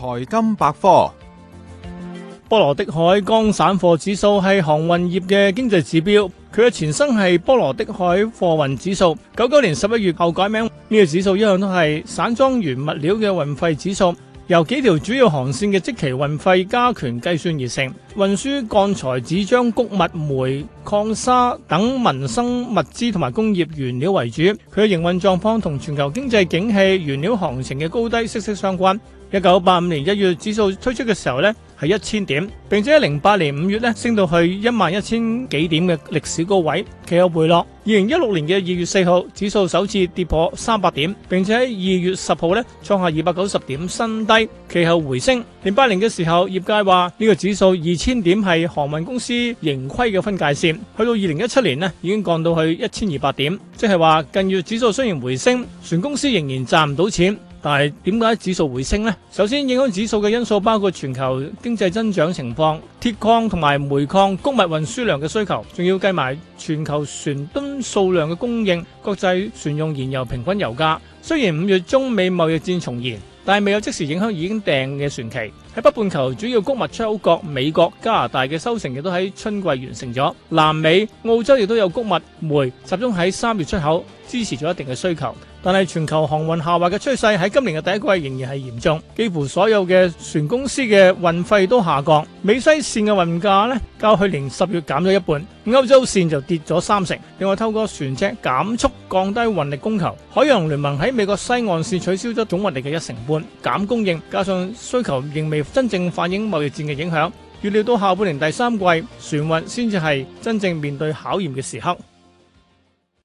財金百科，波羅的海乾散貨指數係航運業嘅經濟指標，佢嘅前身係波羅的海貨運指數。九九年十一月後改名，呢個指數，一向都係散裝原物料嘅運費指數，由幾條主要航綫嘅即期運費加權計算而成。運輸鋼材、紙張、谷物、煤、礦砂等民生物資同埋工業原料為主，佢嘅營運狀況同全球經濟景氣、原料行情嘅高低息息相關。一九八五年一月指數推出嘅時候呢係一千點，並且喺零八年五月呢升到去一萬一千幾點嘅歷史高位，其後回落。二零一六年嘅二月四號，指數首次跌破三百點，並且喺二月十號呢創下二百九十點新低，其後回升。零八年嘅時候，業界話呢個指數二千點係航運公司盈虧嘅分界線，去到二零一七年呢已經降到去一千二百點，即係話近月指數雖然回升，船公司仍然賺唔到錢。但係點解指數回升呢？首先影響指數嘅因素包括全球經濟增長情況、鐵礦同埋煤礦穀物運輸量嘅需求，仲要計埋全球船噸數量嘅供應、國際船用燃油平均油價。雖然五月中美貿易戰重燃，但係未有即時影響已經訂嘅船期。喺北半球主要穀物出口國美國、加拿大嘅收成亦都喺春季完成咗，南美、澳洲亦都有穀物煤，集中喺三月出口，支持咗一定嘅需求。但係全球航運下滑嘅趨勢喺今年嘅第一季仍然係嚴重，幾乎所有嘅船公司嘅運費都下降。美西線嘅運價呢，較去年十月減咗一半，歐洲線就跌咗三成。另外透過船隻減速降低運力供求，海洋聯盟喺美國西岸線取消咗總運力嘅一成半，減供應，加上需求仍未。真正反映貿易戰嘅影響，預料到下半年第三季，船運先至係真正面對考驗嘅時刻。